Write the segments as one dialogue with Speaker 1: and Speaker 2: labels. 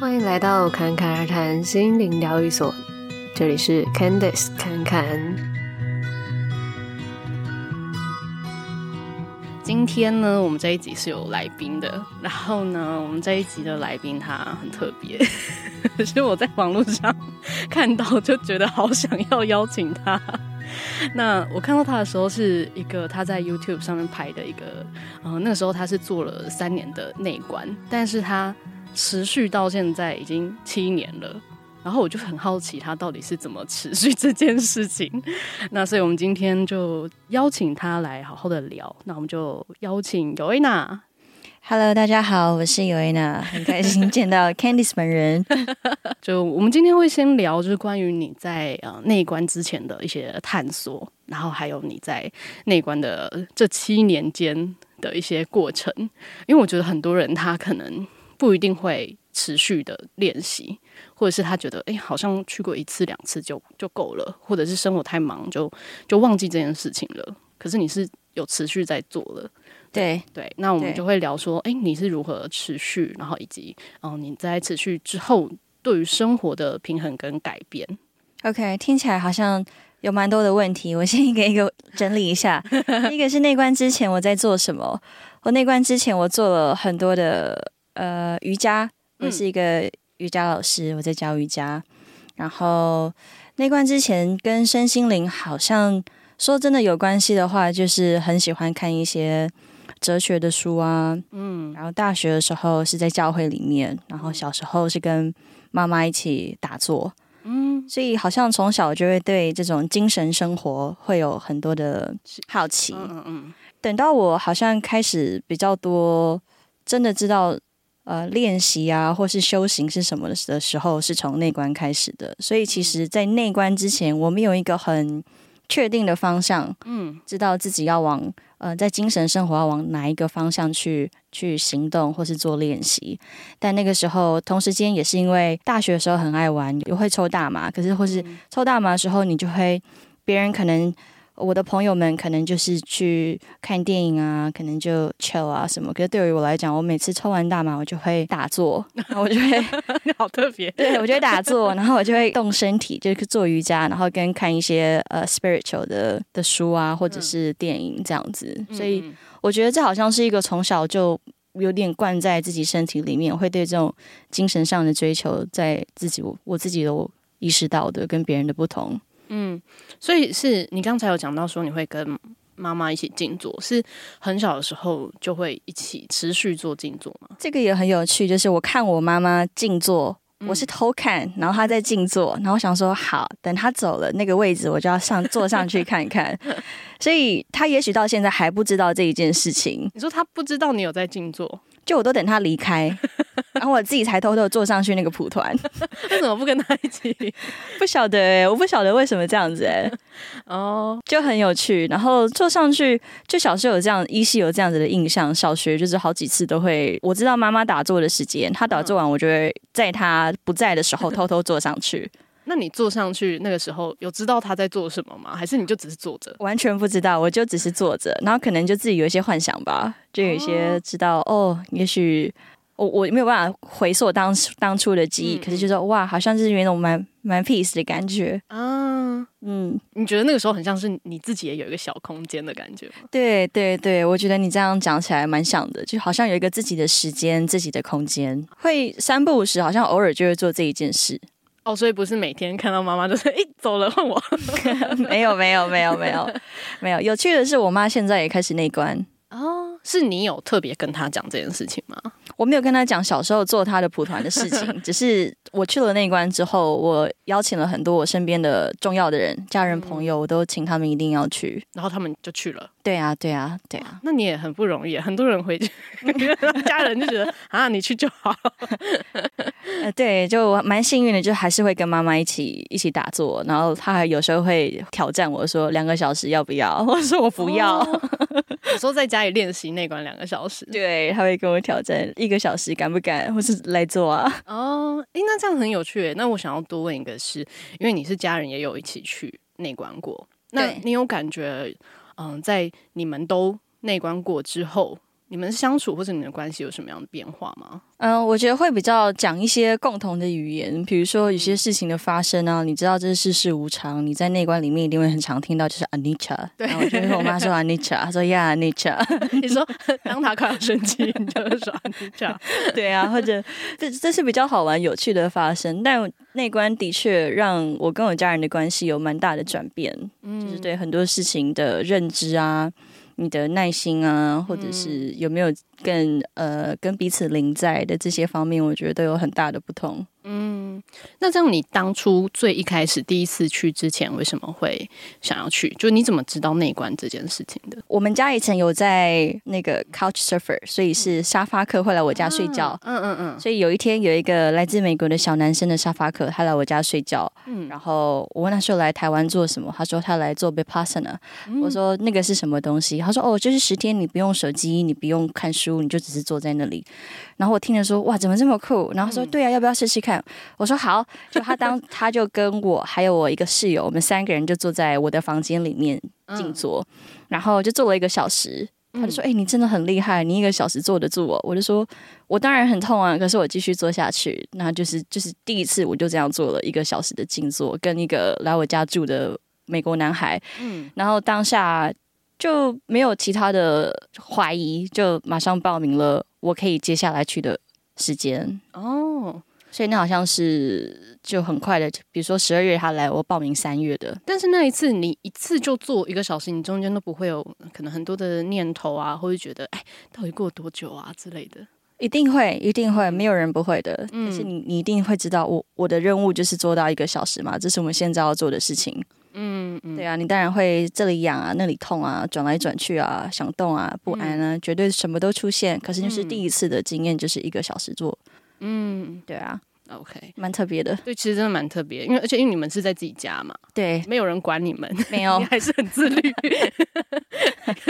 Speaker 1: 歡迎來到侃侃而談心靈療癒所，這裡是 Candice 侃侃。今天呢，我們這一集是有來賓的，然後呢，我們這一集的來賓他很特別，可 是我在網絡上 看到就覺得好想要邀請他。 那我看到他的時候是一個他在 YouTube 上面拍的一個，嗯、呃，那個時候他是做了三年的內觀，但是他持續到現在已經七年了。然後我就很好奇他到底是怎麼持續這件事情。 那所以我們今天就邀請他來好好的聊。那我們就邀請 Yoanna。
Speaker 2: Hello，大家好，我是 Yoanna，很開心見到 Candice 本人。 就我們今天會先聊，就是關於你在呃內觀之前的一些探索，
Speaker 1: 然後還有你在內觀的這七年間的一些過程。因為我覺得很多人他可能不一定會持續的練習，或者是他覺得哎、欸，好像去過一次兩次就就夠了，或者是生活太忙就就忘記這件事情了。可是你是有持續在做的。對對，那我們就會聊說，哎，你是如何持續，然後以及，哦，你在持續之後對於生活的平衡跟改變。
Speaker 2: OK，聽起來好像有蠻多的問題，我先一個一個整理一下。 第一個是內觀之前我在做什麼，我內觀之前我做了很多的呃瑜伽，我是一個瑜伽老師，嗯、我在教瑜伽。然後內觀之前跟身心靈好像說真的有關係的話，就是很喜歡看一些。哲學的書啊，嗯，然後大學的時候是在教會裡面，然後小時候是跟媽媽一起打坐，嗯，所以好像從小就會對這種精神生活會有很多的好奇，嗯嗯。等到我好像開始比較多真的知道呃練習啊或是修行是什麼的時候，是從內觀開始的。所以其實，在內觀之前，我們有一個很確定的方向，嗯，知道自己要往呃，在精神生活要往哪一個方向去去行動，或是做練習。但那個時候，同時間也是因為大學的時候很愛玩，也會抽大麻，可是或是、嗯、抽大麻的時候，你就會別人可能。我的朋友們可能就是去看電影啊，可能就 chill 啊什麼。可是對於我來講，我每次抽完大麻，我就會打坐，然後我就會 好特別。對，我就會打坐，然後我就會動身體， 就是做瑜伽，然後跟看一些呃、uh, spiritual 的的書啊，或者是電影這樣子。所以我覺得這好像是一個從小就有點灌在自己身體裡面，會對這種精神上的追求，在自己我我自己都意識到的，跟別人的不同。
Speaker 1: 嗯，所以是你剛才有講到說，你會跟媽媽一起靜坐，是很小的時候就會一起持續做靜坐嗎？
Speaker 2: 這個也很有趣。就是我看我媽媽靜坐、嗯，我是偷看，然後她在靜坐，然後我想說好，等她走了，那個位置我就要上坐上去看看。 所以她也許到現在還不知道這一件事情。
Speaker 1: 你說她不知道你有在靜坐？
Speaker 2: 就我都等她離開。 然 後、啊、我自己才偷偷坐上去那個蒲團，
Speaker 1: 為什麼不跟他一起？
Speaker 2: 不曉得、欸，我不曉得為什麼這樣子哎、欸。哦、oh.，就很有趣。然後坐上去，就小時候有這樣，依稀有這樣子的印象。小學就是好幾次都會，我知道媽媽打坐的時間，她打坐完，我就會在她不在的時候偷偷坐上去。
Speaker 1: 那你坐上去那個時候，有知道她在做什麼嗎？還是你就只是坐
Speaker 2: 着？ 完全不知道，我就只是坐着，然後可能就自己有一些幻想吧，就有一些知道、oh. 哦，也許。我我沒有辦法回溯當當初的記憶，嗯、可是就是說哇，好像就是有一種蠻蠻 peace 的感覺
Speaker 1: 啊。嗯，你覺得那個時候很像是你自己也有一個小空間的感覺嗎？
Speaker 2: 對對對，我覺得你這樣講起來蠻像的，就好像有一個自己的時間、自己的空間。會三不五時好像偶爾就會做這一件事
Speaker 1: 哦，所以不是每天看到媽媽就是哎、欸、走了問我 沒，沒有沒有沒有沒有
Speaker 2: 沒有。有趣的是，我媽現在也開始內觀。哦、oh.，是你有特別跟他講這件事情嗎？我沒有跟他講小時候做他的蒲團的事情， 只是我去了那一關之後，我邀請了很多我身邊的重要的人、家人、朋友、嗯，我都請他們一定要去，
Speaker 1: 然後他們就去了。
Speaker 2: 對啊，對啊，對啊。哦、
Speaker 1: 那你也很不容易，很多人回去， 家人就覺得 啊，你去就好。
Speaker 2: 呃、對，就我蠻幸運的，就還是會跟媽媽一起一起打坐，然後他還有時候會挑戰我說兩個小時要不要，我說我不要。Oh. 有
Speaker 1: 時候在家裡練習內觀兩個小時，
Speaker 2: 對，他會跟我挑戰一個小時，敢不敢？或是來做啊？
Speaker 1: 哦，誒那這樣很有趣。那我想要多問一個是，是因為你是家人也有一起去內觀過，那你有感覺？嗯、呃，在你們都內觀過之後。你們相處或者你們的關係有什麼樣的變化嗎？嗯、
Speaker 2: 呃，我覺得會比較講一些共同的語言，比如說有些事情的發生啊，你知道這是世事無常。你在內觀裡面一定會很常聽到，就是 Anicca 對，然後我就跟我媽說 Anicca 她說呀 Anicca 你
Speaker 1: 說當她快要生氣，你
Speaker 2: 就說 Anicca 對啊，或者這這是比較好玩、有趣的發生。但內觀的確讓我跟我家人的關係有蠻大的轉變、嗯，就是對很多事情的認知啊。你的耐心啊，或者是有沒有更呃跟彼此臨在的這些方面，我覺得都有很大的不同。嗯，那這樣你當初最一開
Speaker 1: 始第一次去之
Speaker 2: 前，為什麼會想要去？就你怎麼知道內觀這件事情的？我們家以前有在那個 couch surfer，所以是沙发客會來我家睡覺。嗯嗯嗯，嗯。所以有一天有一個來自美國的小男生的沙发客，他來我家睡覺。嗯。然後我問他說來台灣做什麼？他說他來做 vipassana。嗯。我說那個是什麼東西？他說哦，就是十天你不用手機，你不用看書，你就只是坐在那裡。然後我聽了說哇，怎麼這麼酷？然後他說對呀，啊，要不要試試看？我說好，就他當他就跟我還有我一個室友， 我們三個人就坐在我的房間裡面靜坐，然後就坐了一個小時。他就說：“哎，你真的很厲害，你一個小時坐得住哦。”我就說：“我當然很痛啊，可是我繼續坐下去。”那就是就是第一次我就這樣坐了一個小時的靜坐，跟一個來我家住的美國男孩，嗯，然後當下就沒有其他的懷疑，就馬上報名了。我可以接下來去的時間哦。所以那好像是就很快的，比如說十二月他來，我報名三月的。
Speaker 1: 但是那一次你一次就做一個小時，你中間都不會有可能很多的念頭啊，或者覺得哎，到底過多久啊之類的。
Speaker 2: 一定會，一定會，沒有人不會的。但、嗯、是你你一定會知道我，我我的任務就是做到一個小時嘛，這是我們現在要做的事情嗯。嗯，對啊，你當然會這裡癢啊，那裡痛啊，轉來轉去啊，想動啊，不安啊，嗯、絕對什麼都出現。可是就是第一次的經驗，嗯、就是一個小時做。嗯，對啊，OK，蠻特別的。
Speaker 1: 對，其實真的蠻特別，因為而且因為你們是在自己家嘛，對，沒有人管你們，沒有，你還是很自律。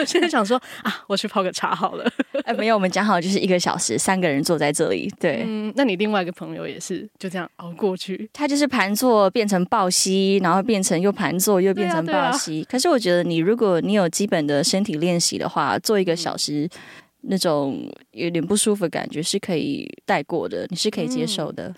Speaker 1: 現 在 想說啊，我去泡個茶好了。
Speaker 2: 哎、 欸，沒有，我們講好就是一個小時，三個人坐在這裡。對，嗯，那你另外一個朋友也是就這樣熬過去？他就是盤坐變成抱膝，然後變成又盤坐又變成抱膝、啊啊。可是我覺得你如果你有基本的身體練習的話，坐一個小時。嗯那種有點不舒服的感覺是可以帶過的，你是可以接受的。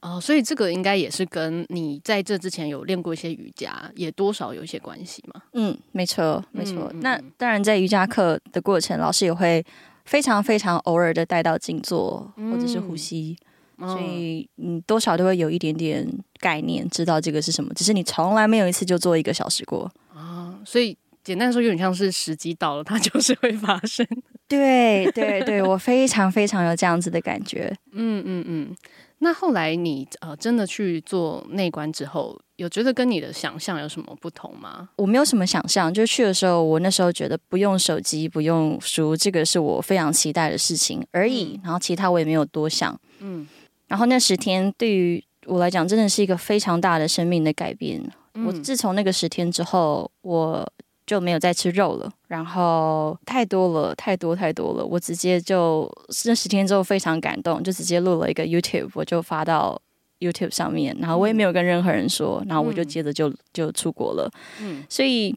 Speaker 2: 嗯、哦。所以這個應該
Speaker 1: 也是跟你在這之前有練過一些瑜伽，也多少有一些關係嘛。
Speaker 2: 嗯，沒錯，沒錯、嗯。那、嗯、當然，在瑜伽課的過程，老師也會非常非常偶爾的帶到靜坐、嗯、或者是呼吸、嗯，所以你多少都會有一點點概念，知道這個是什麼。只是你從來沒有一次就做一個小時過
Speaker 1: 啊、哦。所以簡單說，有點像是時機到了，它就是會發生。
Speaker 2: 對對對，我非常非常有這樣子的感覺。
Speaker 1: 嗯嗯嗯。
Speaker 2: 那後來你呃真的去
Speaker 1: 做內觀之後，有覺得跟你的想象有什麼不同嗎？
Speaker 2: 我沒有什麼想象，就去的時候，我那時候覺得不用手機、不用書，這個是我非常期待的事情而已，嗯。然後其他我也沒有多想。嗯。然後那十天對於我來講真的是一個非常大的生命的改變。嗯。我自從那個十天之後，我。就沒有再吃肉了，然後太多了，太多，太多了，我直接就那十天之後非常感動，就直接錄了一個 YouTube，我就發到 YouTube 上面，然後我也沒有跟任何人說，然後我就接着就、嗯、就出國了。嗯、所以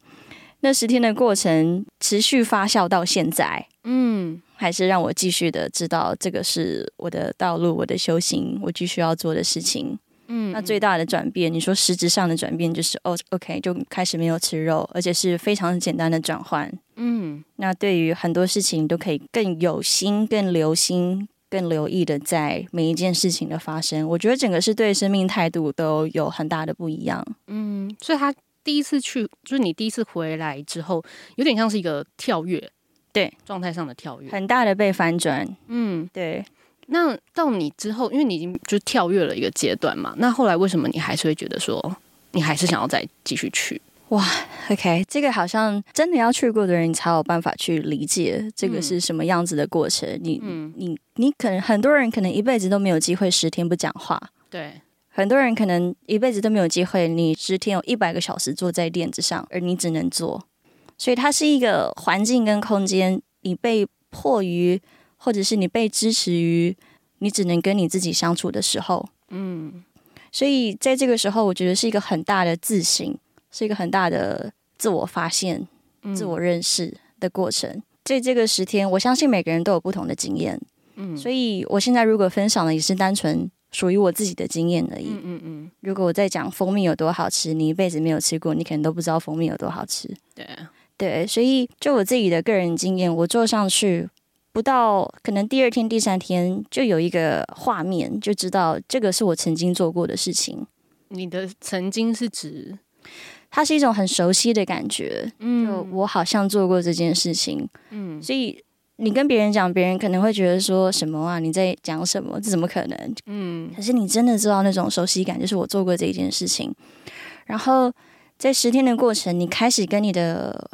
Speaker 2: 那十天的過程持續發酵到現在，嗯，還是讓我繼續的知道這個是我的道路，我的修行，我繼續要做的事情。嗯，那最大的轉變，你說實質上的轉變就是哦，OK，就開始沒有吃肉，而且是非常簡單的轉換。嗯，那對於很多事情都可以更有心、更留心、更留意的，在每一件事情的發生，我覺得整個是對生命態度都有很大的不一樣。
Speaker 1: 嗯，所以他第一次去，就是你第一次回來之後，有點像是一個跳躍，對，狀態上的跳躍，很大的被
Speaker 2: 翻轉。
Speaker 1: 嗯，對。那到你之後，因為你已經就跳躍了一個階段嘛，那後來為什麼你還是會覺得說，你還是想要再繼續去？
Speaker 2: 哇，OK，這個好像真的要去過的人，才有辦法去理解這個是什麼樣子的過程。嗯你，嗯、你、你、你，可能很多人可能一輩子都沒有機會十天不講話。對，很多人可能一輩子都沒有機會，你十天有一百個小時坐在墊子上，而你只能坐，所以它是一個環境跟空間，你被迫於。或者是你被支持於你只能跟你自己相處的時候，
Speaker 1: 嗯，
Speaker 2: 所以在這個時候，我覺得是一個很大的自省，是一個很大的自我發現、嗯、自我認識的過程。在這個十天，我相信每個人都有不同的經驗，嗯，所以我現在如果分享的也是單純屬於我自己的經驗而已，嗯嗯嗯。如果我在講蜂蜜有多好吃，你一輩子沒有吃過，你可能都不知道蜂蜜有多好吃，對對。所以就我自己的個人經驗，我坐上去，不到可能第二天、第三天就有一個畫面，就知道這個是我曾經做過的事情。你的曾經是指它是一種很熟悉的感覺，嗯，就我好像做過這件事情，嗯。所以你跟別人講，別人可能會覺得說什麼啊？你在講什麼？這怎麼可能？嗯。可是你真的知道那種熟悉感，就是我做過這一件事情。然後在十天的過程，你開始跟你的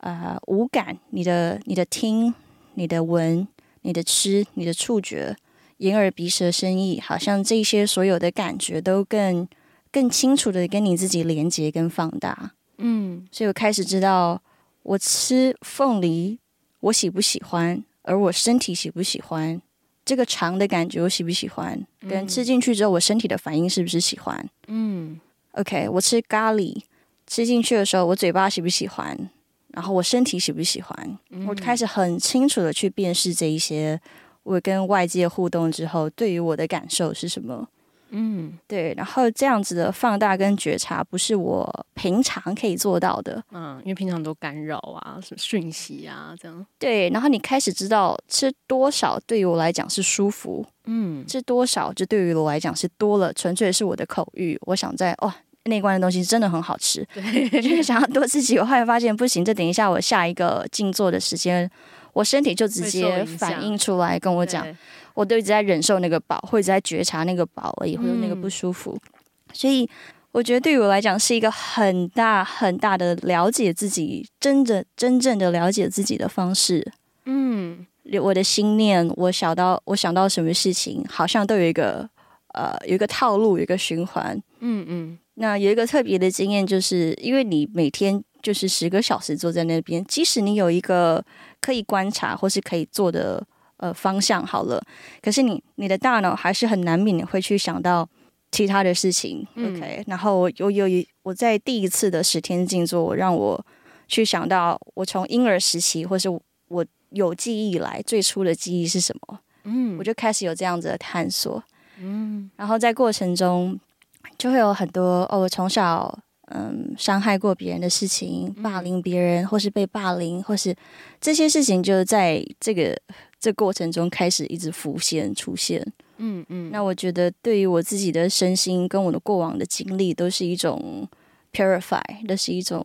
Speaker 2: 呃五感，你的你的聽。你的聞、你的吃、你的觸覺、眼、耳、鼻、舌、身、意，好像這些所有的感覺都更、更清楚的跟你自己連接跟放大。嗯，所以我開始知道，我吃鳳梨，我喜不喜歡，而我身體喜不喜歡這個嘗的感覺，我喜不喜歡，跟吃進去之後我身體的反應是不是喜歡？嗯，OK，我吃咖喱，吃進去的時候我嘴巴喜不喜歡？然後我身體喜不喜歡？嗯、我就開始很清楚的去辨識這一些，我跟外界互動之後，對於我的感受是什麼？嗯，對。然後這樣子的放大跟覺察，不是我平常可以做到的。嗯，因為平常都
Speaker 1: 干擾啊，什麼訊息啊，這樣。
Speaker 2: 對，然後你開始知道吃多少對於我來講是舒服，嗯，吃多少就對於我來講是多了，純粹是我的口欲。我想在哦。內觀的東西真的很好吃， 就是想要多自己。我後來發現不行，這等一下我下一個靜坐的時間，我身體就直接反映出來跟我講，我都一直在忍受那個飽，或者在覺察那個飽而已，或、嗯、者那個不舒服。所以我覺得對於我來講是一個很大很大的了解自己，真的真正的了解自己的方式。嗯，我的心念，我想到我想到什麼事情，好像都有一個呃有一個套路，有一個循環。嗯嗯。那有一個特別的經驗，就是因為你每天就是十個小時坐在那邊，即使你有一個可以觀察或是可以做的呃方向好了，可是你你的大腦還是很難免會去想到其他的事情。嗯、OK，然後我有有一我在第一次的十天靜坐，讓我去想到我從嬰兒時期或是我有記憶以來最初的記憶是什麼、嗯。我就開始有這樣子的探索。嗯、然後在過程中。就會有很多哦，我從小嗯，傷害過別人的事情，霸凌別人，或是被霸凌，或是這些事情，就在這個這過程中開始一直浮現出現。嗯嗯，那我覺得對於我自己的身心跟我的過往的經歷，都是一種 purify，都是一種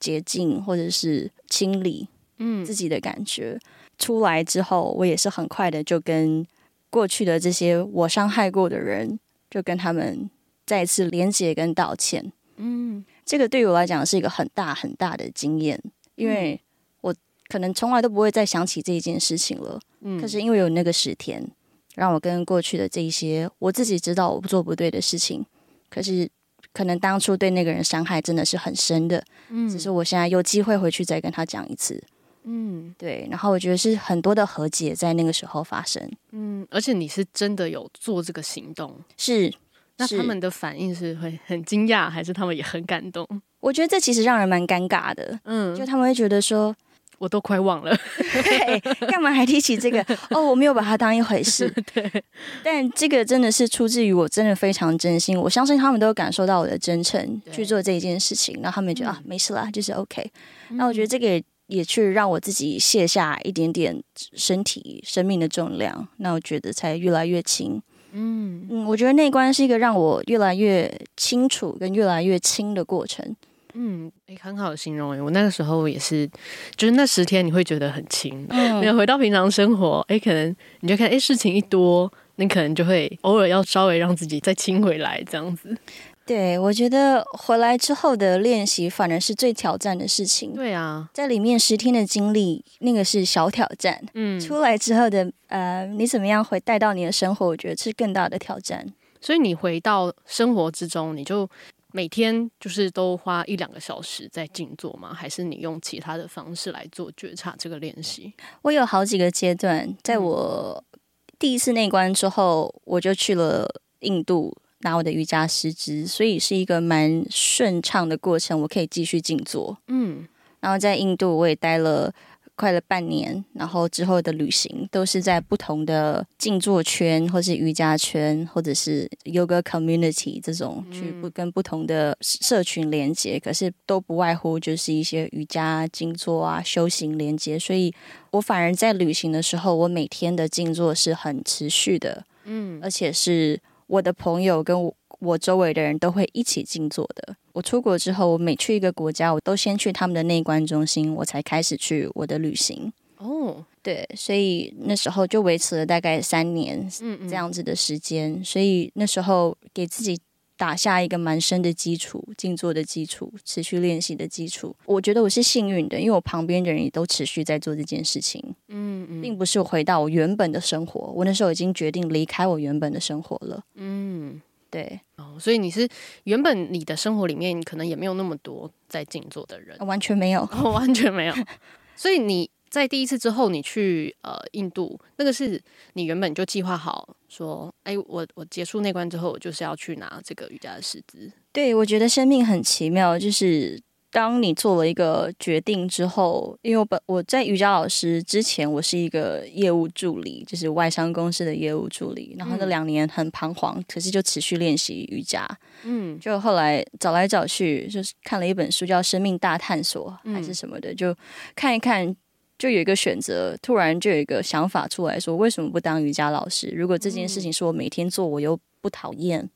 Speaker 2: 潔淨或者是清理，嗯自己的感覺、嗯。出來之後，我也是很快的就跟過去的這些我傷害過的人，就跟他們。再次連結跟道歉，嗯，這個對於我來講是一個很大很大的經驗，因為我可能從來都不會再想起這一件事情了，嗯，可是因為有那個十天，讓我跟過去的這一些我自己知道我做不對的事情，可是可能當初對那個人傷害真的是很深的，嗯，只是我現在有機會回去再跟他講一次，嗯，對，然後我覺得是很多的和解在那個時候發生，嗯，
Speaker 1: 而且你是真的有做這個行動，是。那他們的反應是會很驚訝，還是他們也很感動？
Speaker 2: 我覺得這其實讓人蠻尷尬的。嗯，就他們會覺得說，我都快忘了， 對，幹嘛還提起這個？哦，我沒有把它當一回事。 對。但這個真的是出自於我真的非常真心，我相信他們都感受到我的真誠，去做這一件事情，然後他們覺得、嗯、啊，沒事啦，就是 OK。嗯、那我覺得這個也也去讓我自己卸下一點點身體生命的重量，那我覺得才越來越輕。嗯嗯，我覺得內觀是一個讓我越來越清楚跟越來越輕的過程。
Speaker 1: 嗯，哎、欸，很好的形容、欸、我那個時候也是，就是那十天你會覺得很輕，有、嗯、回到平常生活，哎、欸，可能你就看，誒、欸，事情一多，你可能就會偶爾要稍微讓自己再輕回來這樣子。
Speaker 2: 對，我覺得回來之後的練習反而是最挑戰的事情。對啊，在裡面十天的經歷，那個是小挑戰。嗯，出來之後的呃，你怎麼樣回帶到你的生活？我覺得是更大的挑戰。
Speaker 1: 所以你回到生活之中，你就每天就是都花一兩個小時在靜坐嗎？還是你用其他的方式來做覺察這個練習？
Speaker 2: 我有好幾個階段，在我第一次內觀之後，我就去了印度。拿我的瑜伽師資，所以是一個蠻順暢的過程。我可以繼續靜坐，
Speaker 1: 嗯，
Speaker 2: 然後在印度我也待了快了半年，然後之後的旅行都是在不同的靜坐圈，或者是瑜伽圈，或者是 Yoga Community 這種、嗯、去不跟不同的社群連接，可是都不外乎就是一些瑜伽靜坐啊、修行連接。所以我反而在旅行的時候，我每天的靜坐是很持續的，嗯，而且是。我的朋友跟我，我周圍的人都會一起靜坐的。我出國之後，我每去一個國家，我都先去他們的內觀中心，我才開始去我的旅行。哦，Oh.，對，所以那時候就維持了大概三年，這樣子的時間，嗯嗯。所以那時候給自己。打下一個蠻深的基礎，靜坐的基礎，持續練習的基礎。我覺得我是幸運的，因為我旁邊的人也都持續在做這件事情。
Speaker 1: 嗯,嗯。並
Speaker 2: 不是回到我原本的生活，我那時候已經決定離開我原本的生活
Speaker 1: 了。嗯，對。哦，所以你是原本你的生活裡面可能也沒有那麼多在靜坐的人。啊，
Speaker 2: 完全沒有，哦，完全沒有。
Speaker 1: 所以你。在第一次之後，你去呃印度，那個是你原本就計劃好說，哎，我我結束內觀之後，我就是要去拿這個瑜伽的師資。
Speaker 2: 對，我覺得生命很奇妙，就是當你做了一個決定之後，因為我本我在瑜伽老師之前，我是一個業務助理，就是外商公司的業務助理，然後那兩年很彷徨，可是就持續練習瑜伽。嗯，就後來找來找去，就是看了一本書叫《生命大探索》還是什麼的，嗯、就看一看。就有一個選擇，突然就有一個想法出來說，說為什麼不當瑜伽老師？如果這件事情是我每天做，我又不討厭，嗯，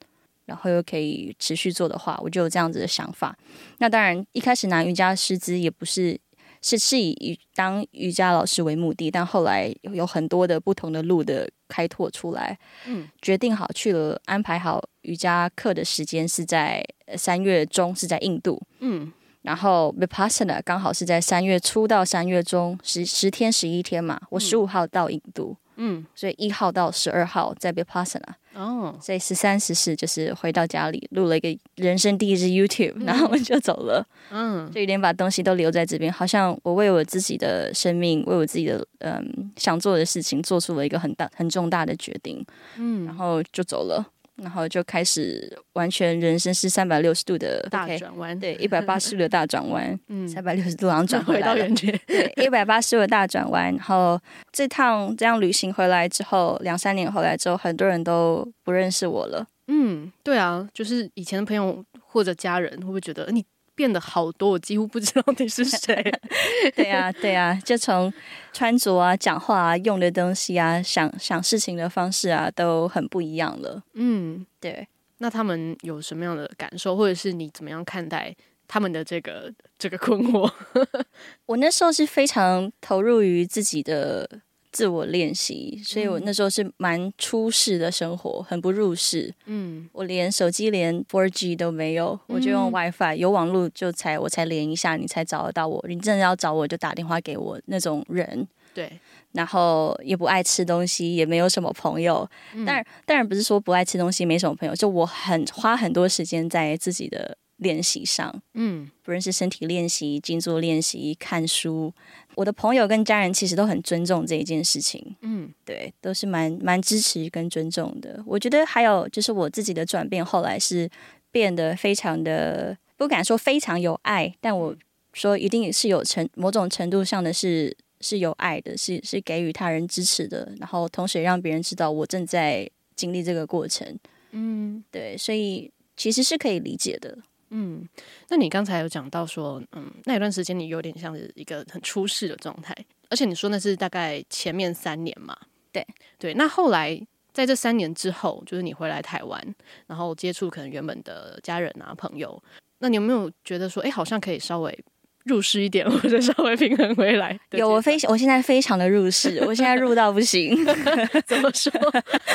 Speaker 2: 然後又可以持續做的話，我就有這樣子的想法。那當然，一開始拿瑜伽師資也不是是是以當瑜伽老師為目的，但後來有很多的不同的路的開拓出來。嗯，決定好去了，安排好瑜伽課的時間是在三月中，是在印度。嗯。然後 Vipassana 剛好是在三月初到三月中十十天十一天嘛，嗯、我十五號到印度，嗯，所以一號到十二號在 Vipassana 哦，所以十三、十四就是回到家裡錄了一個人生第一支 YouTube，然後我就走
Speaker 1: 了，嗯，
Speaker 2: 就有點把東西都留在這邊，好像我為我自己的生命，為我自己的嗯、呃、想做的事情，做出了一個很大很重大的決定，嗯，然後就走了。然後就開始，完全人生是三百六十度的大轉彎，嗯、對，一百八十度的大轉彎，嗯，三百六十度然後轉回到人間，對，一百八十度的大轉彎。然後這趟這樣旅行回來之後，兩三年回來之後，很多人都不認識我了。
Speaker 1: 嗯，對啊，
Speaker 2: 就是以前的朋友或者家人，會不會覺得你？變得好多，我幾乎不知道你是誰。 對啊，對啊，就從穿着啊、講話啊、用的東西啊、想想事情的方式啊，都很不一樣了。嗯，
Speaker 1: 對。那他們有什麼樣的感受，或者是你怎麼樣看待他們
Speaker 2: 的這個這個困惑？ 我那時候是非常投入於自己的。自我練習，所以我那時候是蠻出世的生活，嗯、很不入世。嗯，我連手機連 4G 都沒有，嗯、我就用 WiFi，有網路就才我才連一下，你才找得到我。你真的要找我就打電話給我那種人。對，然後也不愛吃東西，也沒有什麼朋友。嗯、但，當然不是說不愛吃東西，沒什麼朋友，就我很花很多時間在自己的。練習上，嗯，不論是身體練習、靜坐練習、看書。我的朋友跟家人其實都很尊重這一件事情，嗯，對，都是蠻蠻支持跟尊重的。我覺得還有就是我自己的轉變，後來是變得非常的不敢說非常有愛，但我說一定也是有程某種程度上的是是有愛的，是是給予他人支持的，然後同時也讓別人知道我正在經歷這個過程，嗯，對，所以其實是可以理解的。
Speaker 1: 嗯，那你剛才有講到說，嗯，那一段時間你有點像是一個很出世的狀態，而且你說那是大概前面三年嘛？對，對。那後來在這三年之後，就是你回來台灣，然後接觸可能原本的家人啊、朋友，那你有沒有覺得說，哎、欸，好像可以稍微？入世一點，我就稍
Speaker 2: 微平衡回來。有我非，我現在非常的入世，我現在入到不行。 怎麼說？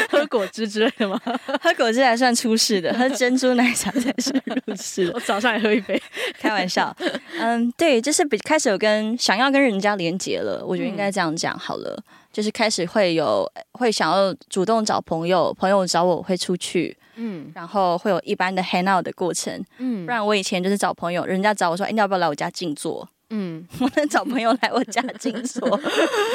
Speaker 2: 喝果汁之類的嗎？喝果汁還算出世的，喝珍珠奶茶才是入世。 我早上也喝一杯，開玩笑。嗯，對，就是比開始有跟想要跟人家連結了，我覺得應該這樣講好了、嗯。就是開始會有會想要主動找朋友，朋友找我，我會出去。嗯，然後會有一般的 hang out 的過程，嗯，不然我以前就是找朋友，人家找我說，哎，你要不要來我家靜坐？嗯，我能找朋友來我家靜坐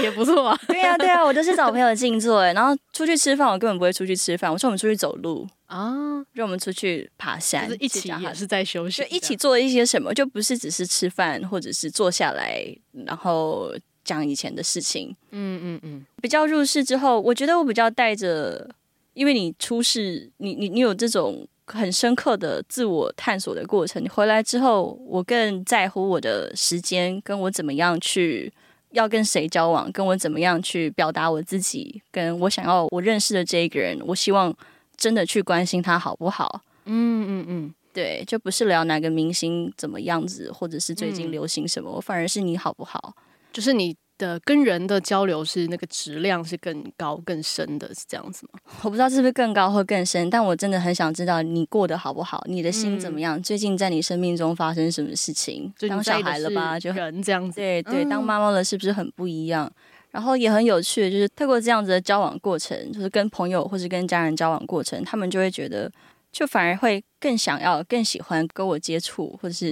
Speaker 2: 也不錯啊。 對啊，對啊，我就是找朋友靜坐，哎， 然後出去吃飯，我根本不會出去吃飯，我說我們出去走路啊，讓我們出去爬山，就是、一起也是在休息，就一起做一些什麼，就不是只是吃飯或者是坐下來，然後講以前的事情。
Speaker 1: 嗯嗯
Speaker 2: 嗯，比較入世之後，我覺得我比較帶着。因為你出事你你你有這種很深刻的自我探索的過程。你回來之後，我更在乎我的時間，跟我怎麼樣去要跟誰交往，跟我怎麼樣去表達我自己，跟我想要我認識的這一個人，我希望真的去關心他好不好？
Speaker 1: 嗯嗯嗯，
Speaker 2: 對，就不是聊哪個明星怎麼樣子，或者是最近流行什麼，我、嗯、反而是你好不好？就是你。的跟人的交流是那個質量是更高更深的。是這樣子嗎？我不知道是不是更高或更深，但我真的很想知道你過得好不好，你的心怎麼樣？嗯、最近在你生命中發生什麼事情？當小孩了吧，就人這樣子。對對，當媽媽了是不是很不一樣？嗯、然後也很有趣，就是透過這樣子的交往過程，就是跟朋友或是跟家人交往過程，他們就會覺得，就反而會更想要、更喜歡跟我接觸，或者是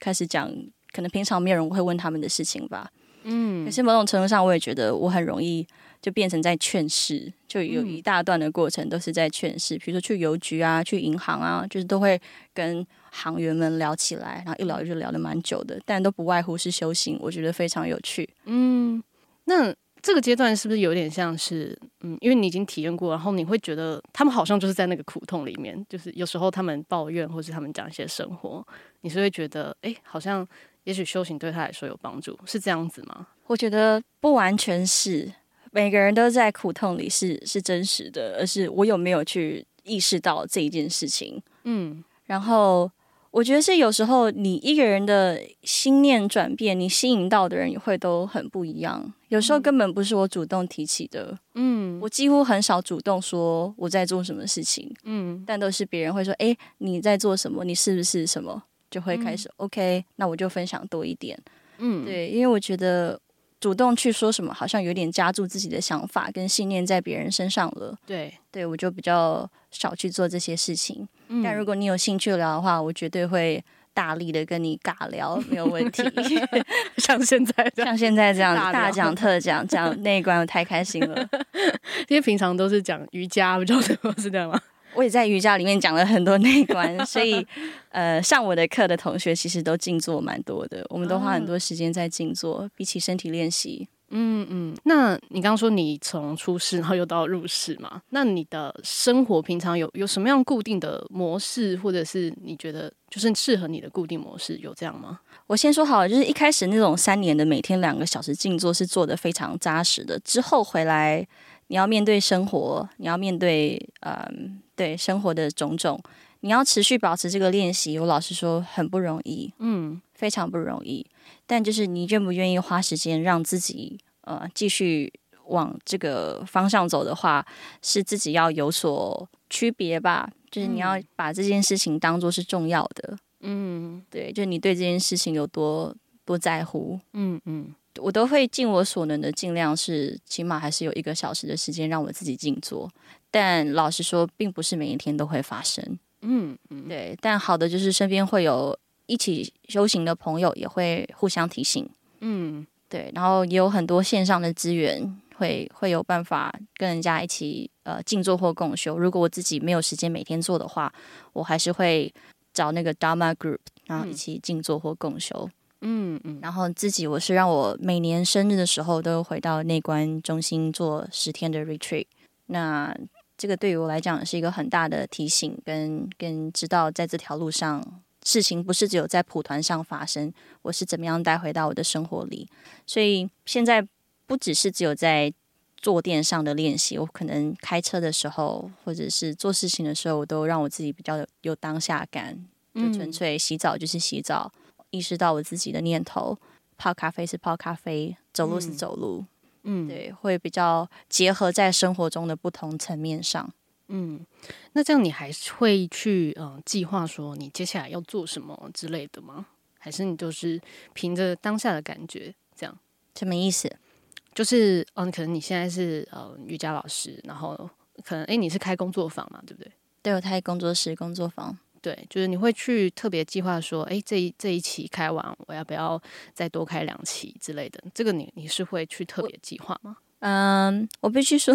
Speaker 2: 開始講、嗯，可能平常沒有人會問他們的事情吧。嗯，可是某種程度上，我也覺得我很容易就變成在勸世，就有一大段的過程都是在勸世。嗯，比如說去郵局啊，去銀行啊，就是都會跟行員們聊起來，然後一聊就聊得蠻久的，但都不外乎是修行，我覺得非常有趣。嗯，那這個階段是不
Speaker 1: 是有點像是嗯，因為你已經體驗過，然後你會覺得他們好像就是在那個苦痛裡面，就是有時候他們抱怨，或是他們講一些生活，你是會覺得哎，好像。也許修行對他來說有幫助，是
Speaker 2: 這樣子嗎？我覺得不完全是。每個人都在苦痛裡是，是是真實的，而是我有沒有去意識到這一件事情？嗯。然後我覺得是有時候你一個人的心念轉變，你吸引到的人也會都很不一樣。有時候根本不是我主動提起的。嗯。我幾乎很少主動說我在做什麼事情。嗯。但都是別人會說：“哎，你在做什麼？你是不是什麼？”就會開始、嗯、OK，那我就分享多一點，嗯，對，因為我覺得主動去說什麼，好像有點加注自己的想法跟信念在別人身上了，對，對，我就比較少去做這些事情，嗯、但如果你有興趣聊的話，我絕對會大力的跟你尬聊，沒有問題， 像現在這樣，像現在這樣大講特講，講內觀我太開心了，因為平常都是講瑜伽，不知道是不是這樣嗎？我也在瑜伽裡面講了很多內觀， 所以，呃，上我的課的同學其實都靜坐蠻多的，我們都花很多時間在靜坐，嗯，比起身體練習。嗯嗯。那你剛剛說你從出世然後又到入
Speaker 1: 世嘛？那你的生活平常有有什麼樣固定的模式，或者是你覺得就是適合你的固定模式有這樣嗎？
Speaker 2: 我先說好了，就是一開始那種三年的每天兩個小時靜坐是做得非常紮實的，之後回來。你要面對生活，你要面對嗯，對生活的種種，你要持續保持這個練習。我老實說，很不容易，嗯，非常不容易。但就是你願不願意花時間讓自己呃繼續往這個方向走的話，是自己要有所區別吧？就是你要把這件事情當做是重要的，
Speaker 1: 嗯，
Speaker 2: 對，就你對這件事情有多不在乎，嗯嗯，我都會盡我所能的，盡量是起碼還是有一個小時的時間讓我自己靜坐。但老實說，並不是每一天都會發生，嗯嗯，對。但好的就是身邊會有一起修行的朋友，也會互相提醒，嗯，對。然後也有很多線上的資源，會會有辦法跟人家一起呃靜坐或共修。如果我自己沒有時間每天坐的話，我還是會找那個 Dharma Group，然後一起靜坐或共修。嗯嗯嗯，然後自己我是讓我每年生日的時候都回到內觀中心做十天的 retreat。那這個對於我來講是一個很大的提醒，跟跟知道在這條路上事情不是只有在蒲團上發生，我是怎麼樣帶回到我的生活裡，所以現在不只是只有在坐墊上的練習，我可能開車的時候或者是做事情的時候，我都讓我自己比較有當下感，就純粹洗澡就是洗澡。嗯嗯意識到我自己的念頭，泡咖啡是泡咖啡，走路是走路，嗯，對，會比較結合在生活中的不同層面上，嗯，那這樣你還會去嗯，呃，計劃說你
Speaker 1: 接下來要做什麼之類的嗎？還是你就是憑着當下的感覺這樣？什麼意思？就是嗯、哦，可能你現在是呃瑜伽老師，然後可能誒、欸，你是開工作坊嘛，對不對？
Speaker 2: 對，我開工作室工
Speaker 1: 作坊。對，就是你會去特別計劃說，哎，這一這一期開完，我要不要再多開兩期之類的？這個你你是會去特別計劃嗎？
Speaker 2: 嗯、um,，我必須說，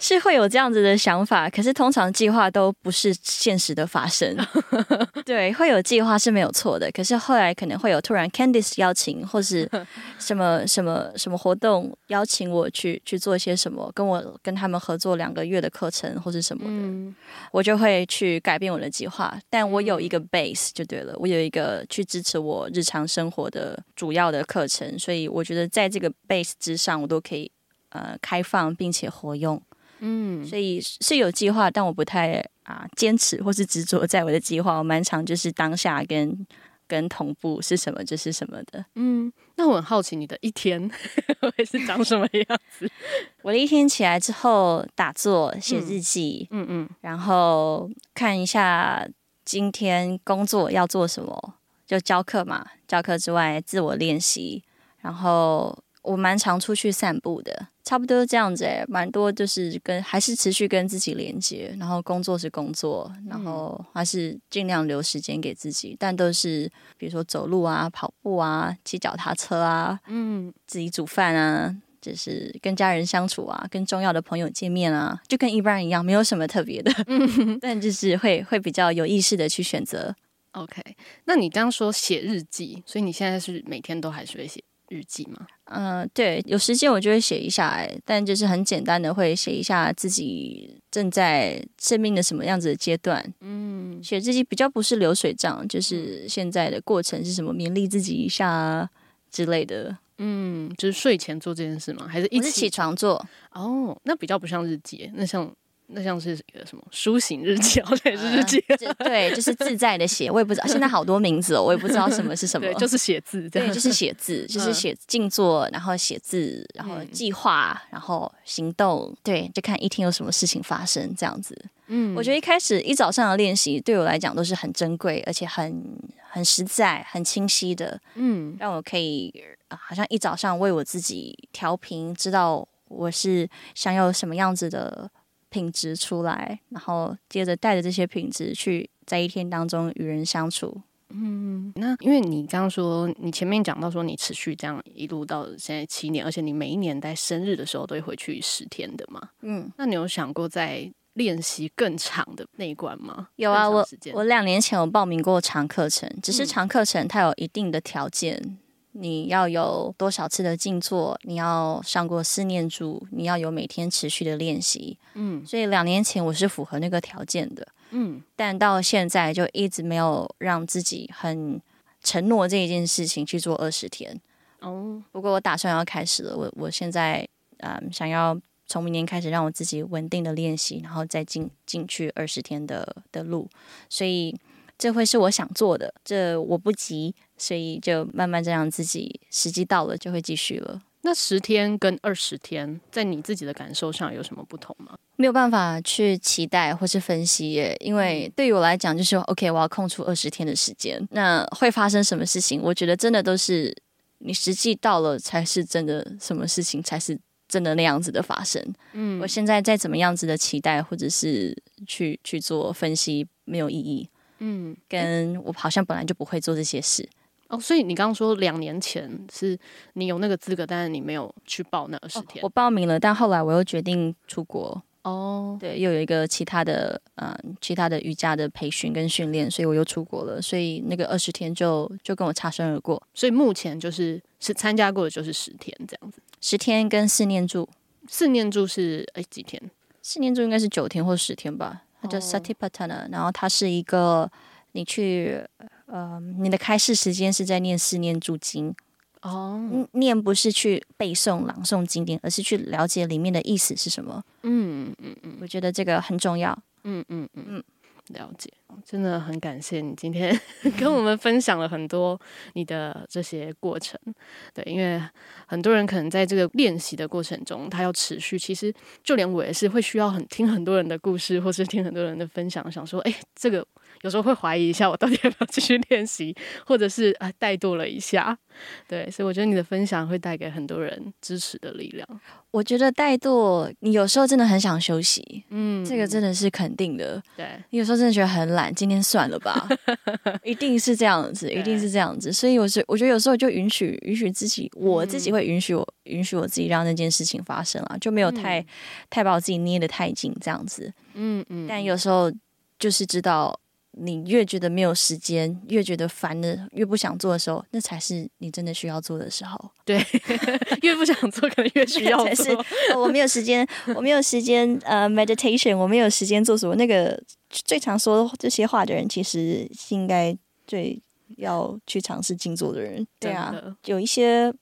Speaker 2: 是會有這樣子的想法。可是通常計劃都不是現實的發生。 對，會有計劃是沒有錯的。可是後來可能會有突然，Candice 邀請，或是什麼什麼什麼活動邀請我去去做些什麼，跟我跟他們合作兩個月的課程，或是什麼的，嗯，我就會去改變我的計劃。但我有一個 base 就對了，我有一個去支持我日常生活的主要的課程，所以我覺得在這個 base 之上，我都可以。呃，開放並且活用，嗯，所以是有計劃，但我不太啊，堅持或是執着在我的計劃，我蠻常就是當下跟跟同步是什麼就是什麼的，嗯，那我很好奇你的一天會 是長什麼樣子？ 我的一天起來之後打坐、寫日記，嗯嗯，然後看一下今天工作要做什麼，就教課嘛，教課之外自我練習，然後。我蠻常出去散步的，差不多這樣子誒、欸，蠻多就是跟還是持續跟自己連接，然後工作是工作，然後還是盡量留時間給自己，嗯、但都是比如說走路啊、跑步啊、騎腳踏車啊，嗯，自己煮飯啊，就是跟家人相處啊、跟重要的朋友見面啊，就跟一般人一樣，沒有什麼特別的、嗯，但就是會會比較有意識的去選擇。OK，那你剛剛說寫日記，所以你現在是每天都還是會寫？日記嗎？嗯、呃，對，有時間我就會寫一下，但就是很簡單的，會寫一下自己正在生命的什麼樣子的階段。嗯，寫自己比較不是流水賬，就是現在的過程是什麼，勉勵自己一下、啊、之類的。嗯，就是睡前做這件事嗎？還是一起是起床做？哦，那比較不像日記，那
Speaker 1: 像。那像是一個什麼書信日記還是日記，嗯？對，就是自在的寫，我
Speaker 2: 也不知道。 現在好多名字哦，我也不知道什麼是什麼。 對，就是寫字。對，就是寫字，就是寫、嗯、靜坐，然後寫字，然後計劃，然後行動，嗯。對，就看一天有什麼事情發生，這樣子。嗯，我覺得一開始一早上的練習對我來講都是很珍貴，而且很很實在、很清晰的。嗯，讓我可以、呃、好像一早上為我自己調頻，知道我是想要什麼樣子的品質出來，然後接着帶着這些品質去在一天當中與人相處。嗯，那因為你剛剛說，你前面講到說你持續這樣一路到
Speaker 1: 現在七年，而且你每一年在生日的時候都會回去十天的嘛。嗯，那你有想過再練習更長的那一關嗎？
Speaker 2: 有啊，我我兩年前有報名過長課程，只是長課程它有一定的條件。嗯你要有多少次的靜坐，你要上過四念住，你要有每天持續的練習。嗯，所以兩年前我是符合那個條件的。嗯，但到現在就一直沒有讓自己很承諾這一件事情去做二十天。
Speaker 1: 哦、oh，
Speaker 2: 不過我打算要開始了。我我現在、呃、想要從明年開始讓我自己穩定的練習，然後再進進去二十天的的路。所以這會是我想做的，這我不急。所以就慢慢這樣，自己時機到了就會繼續了。那十天跟二十天，在你自己的感受上有什麼不同嗎？沒有辦法去期待或是分析耶，因為對於我來講，就是 OK，我要空出二十天的時間。那會發生什麼事情？我覺得真的都是你實際到了才是真的，什麼事情才是真的那樣子的發生。嗯，我現在再怎麼樣子的期待或者是去去做分析沒有意義。
Speaker 1: 嗯，
Speaker 2: 跟、跟我好像本來就不會做這些事。
Speaker 1: 哦、oh，所以你剛剛說，兩年前是你有那個資格，但是你沒有去報那二十天。Oh, 我
Speaker 2: 報名了，但後來我又決定出國。哦、oh.，對，又有一個其他的，嗯，其他的瑜伽的培訓跟訓練，所以我又出國了。所以那個二十天就就跟我擦身而過。所以目前就是是參加過的就是十天這樣子。十天跟四念住，四念住是哎，幾天？四念住應該是九天或十天吧？Oh. 它叫 Satipatana，然後它是一個你去。呃，你的開示時間是在念四念住經哦，oh. 念不是去背誦朗誦經典，而是去了解裡面的意思是什麼。
Speaker 1: 嗯嗯嗯，我
Speaker 2: 覺得這個很重要。嗯嗯嗯嗯，了解，真的很感謝你今天
Speaker 1: 跟我們分享了很多你的這些過程。對，因為很多人可能在這個練習的過程中，他要持續，其實就連我也是會需要很聽很多人的故事，或是聽很多人的分享，想說，哎、欸，這個。有時候會懷疑一下，我到底要不要繼續練習，或者是啊怠惰，了一下，對，所以我覺得你的分享會帶給很多人支持的力量。
Speaker 2: 我覺得怠惰，你有時候真的很想休息，嗯，這個真的是肯定的。對，你有時候真的覺得很懶，今天算了吧， 一定是這樣子，一定是這樣子。所以，我是我覺得有時候就允許允許自己，我自己會允許我、嗯、允許我自己讓那件事情發生啊，就沒有太、嗯、太把我自己捏得太緊，這樣子。嗯嗯。但有時候就是知道。你越覺得沒有時間，越覺得煩的，越不想做的時候，那才是你真的需要做的時候。對， 越不想做，可能越需要做 才是。我沒有時間，我沒有時間，呃、uh，meditation，我沒有時間做什麼。那個最常說這些話的人，其實是應該最要去嘗試靜坐的人。對啊，對有一些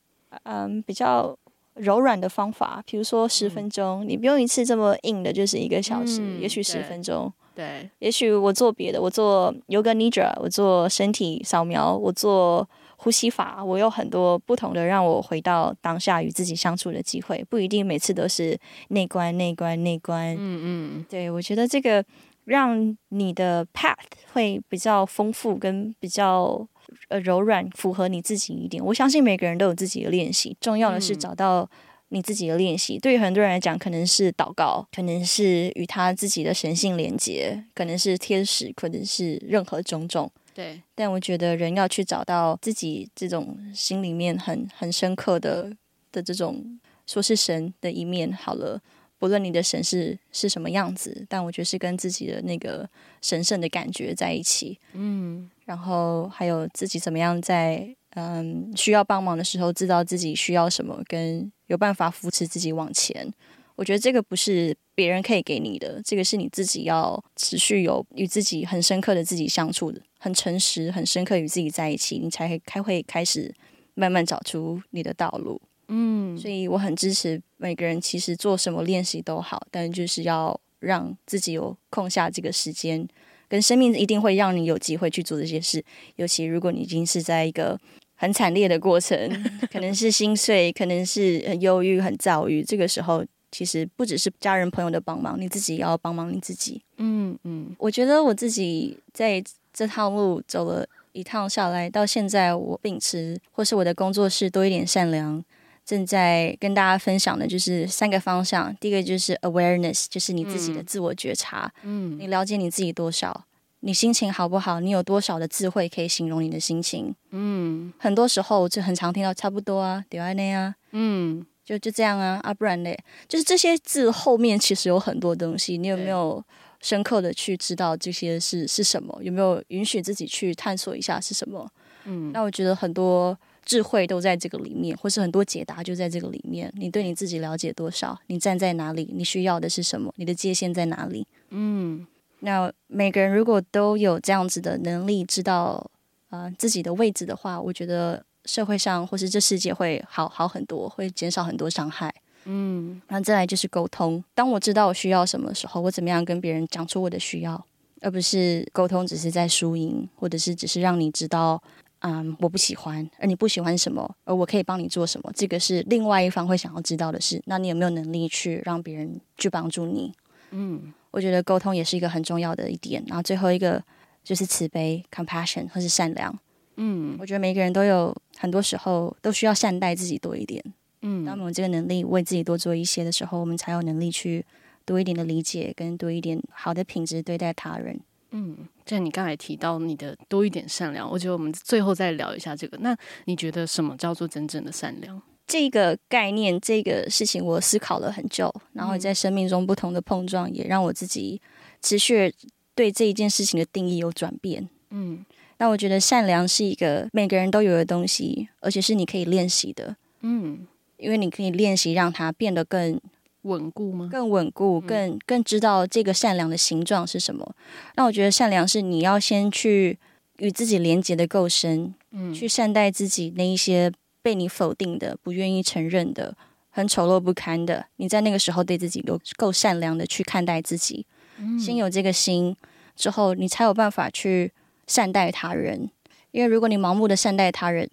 Speaker 2: 嗯、um, 比較柔軟的方法，比如說十分鐘、嗯，你不用一次這麼硬的，就是一個小時，嗯、也許十分鐘。對，也許我做別的，我做 Yoga Nidra，我做身體掃描，我做呼吸法，我有很多不同的讓我回到當下與自己相處的機會，不一定每次都是內觀內觀內觀。嗯嗯，對，我覺得這個讓你的 path 會比較豐富跟比較呃柔軟，符合你自己一點。我相信每個人都有自己的練習，重要的是找到。你自己的練習，對於很多人來講，可能是禱告，可能是與他自己的神性連接，可能是天使，可能是任何種種。對。但我覺得人要去找到自己這種心裡面很很深刻的的這種說是神的一面。好了，不論你的神是是什麼樣子，但我覺得是跟自己的那個神聖的感覺在一起。
Speaker 1: 嗯。
Speaker 2: 然後還有自己怎麼樣在。嗯，需要幫忙的時候，知道自己需要什麼，跟有辦法扶持自己往前。我覺得這個不是別人可以給你的，這個是你自己要持續有與自己很深刻的自己相處的，很誠實、很深刻與自己在一起，你才會開會開始慢慢找出你的道路。嗯，所以我很支持每個人，其實做什麼練習都好，但就是要讓自己有空下這個時間，跟生命一定會讓你有機會去做這些事，尤其如果你已經是在一個。很慘烈的過程，可能是心碎， 可能是很憂鬱、很躁鬱。這個時候，其實不只是家人朋友的幫忙，你自己也要幫忙你自己。嗯嗯，我覺得我自己在這趟路走了一趟下來，到現在我秉持或是我的工作室多一點善良，正在跟大家分享的就是三個方向。第一個就是 awareness，就是你自己的自我覺察。嗯，嗯，你了解你自己多少？你心情好不好？你有多少的智慧可以形容你的心情？嗯，很多時候就很常聽到差不多啊，d i n 那啊，嗯，就就這樣啊啊，不然呢，就是這些字後面其實有很多東西。你有沒有深刻的去知道這些是是什麼？有沒有允許自己去探索一下是什麼？
Speaker 1: 嗯，
Speaker 2: 那我覺得很多智慧都在這個裡面，或是很多解答就在這個裡面。你對你自己了解多少？你站在哪裡？你需要的是什麼？你的界限在哪裡？嗯。那每個人如果都有這樣子的能力，知道啊、呃、自己的位置的話，我覺得社會上或是這世界會好好很多，會減少很多傷害。嗯，然後再來就是溝通。當我知道我需要什麼時候，我怎麼樣跟別人講出我的需要，而不是溝通只是在輸贏，或者是只是讓你知道，嗯，我不喜歡，而你不喜歡什麼，而我可以幫你做什麼，這個是另外一方會想要知道的事。那你有沒有能力去讓別人去幫助你？嗯。我覺得溝通也是一個很重要的一點，然後最後一個就是慈悲 （compassion） 或是善良。嗯，我覺得每個人都有很多時候都需要善待自己多一點。嗯，當我們有這個能力為自己多做一些的時候，我們才有能力去多一點的理解，跟多一點好的品質對待他人。嗯，就像你剛才提到你的多一點
Speaker 1: 善良，我覺得我們最後再聊一下這個。那你覺得什麼叫做真正的善良？這個
Speaker 2: 概念，這個事情，我思考了很久，然後在生命中不同的碰撞，也讓我自己持續對這一件事情的定義有轉變。嗯，那我覺得善良是一個每個人都有的東西，而且是你可以練習的。嗯，因為你可以練習讓它變得更穩固嗎？更穩固，嗯，更更知道這個善良的形狀是什麼。那我覺得善良是你要先去與自己連接的夠深，嗯，去善待自己那一些。被你否定的、不願意承認的、很醜陋不堪的，你在那個時候對自己都夠善良的去看待自己，先、嗯、有這個心，之後你才有辦法去善待他人。因為如果你盲目的善待他人，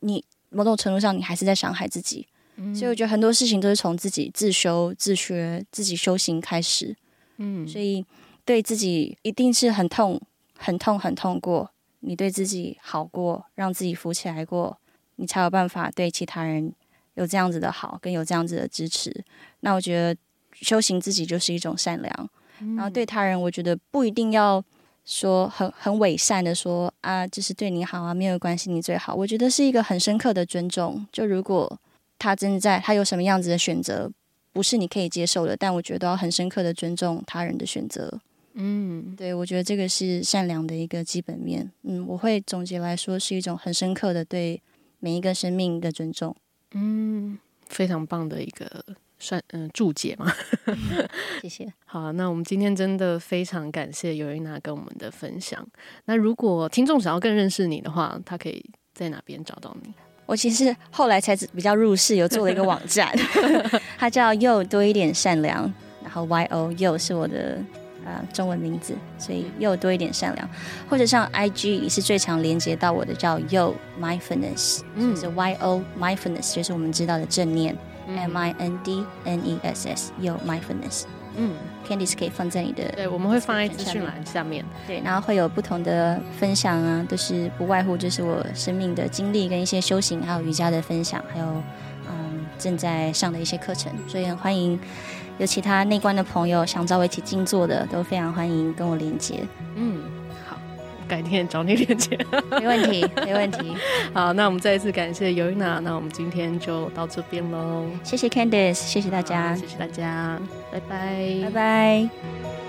Speaker 2: 你某種程度上你還是在傷害自己、嗯。所以我覺得很多事情都是從自己自修、自學、自己修行開始，嗯，所以對自己一定是很痛、很痛、很痛過，你對自己好過，讓自己浮起來過，你才有辦法對其他人有這樣子的好跟有這樣子的支持。那我覺得修行自己就是一種善良，嗯、然後對他人，我覺得不一定要說很很偽善的說啊，就是對你好啊，沒有關係，你最好。我覺得是一個很深刻的尊重。就如果他真的在，他有什麼樣子的選擇，不是你可以接受的，但我覺得要很深刻的尊重他人的選擇。嗯，對，我覺得這個是善良的一個基本面。嗯，我會總結來說是一種很深刻的對。每一個生命的尊重，嗯，非常棒的一個算嗯、呃、註解嘛。
Speaker 1: 謝謝。好、啊，那我們今天真的非常感謝 Yoanna 跟我們的分享。那如果聽眾想要更
Speaker 2: 認識你的話，他可以在哪邊找到你？我其實後來才比較入世，有做了一個網站， 他叫又多一點善良，然後 Y O 又是我的，呃、中文名字，所以又多一點善良，嗯、或者像 IG 也是最常連接到我的，叫 Yo Mindfulness，嗯，是 Y O Mindfulness，就是我們知道的正念、嗯、M I N D N E S S，Yo Mindfulness，嗯，Candice 是可以放在你的，對，我們會放在資訊欄下面，對，然後會有不同的分享啊，都、就是不外乎就是我生命的經歷跟一些修行，還有瑜伽的分享，還有、嗯、正在上的一些課程，所以很歡迎。有其他內觀的朋友想找我一起靜坐的，都非常歡迎跟我連接。嗯，
Speaker 1: 好，
Speaker 2: 改天找你連接，
Speaker 1: 沒問題，沒問題。好，那我們再一次感謝 Yoanna，那
Speaker 2: 我們今天就到這邊嘍。謝謝 Candice，謝謝大家，謝謝大家，拜拜，拜拜。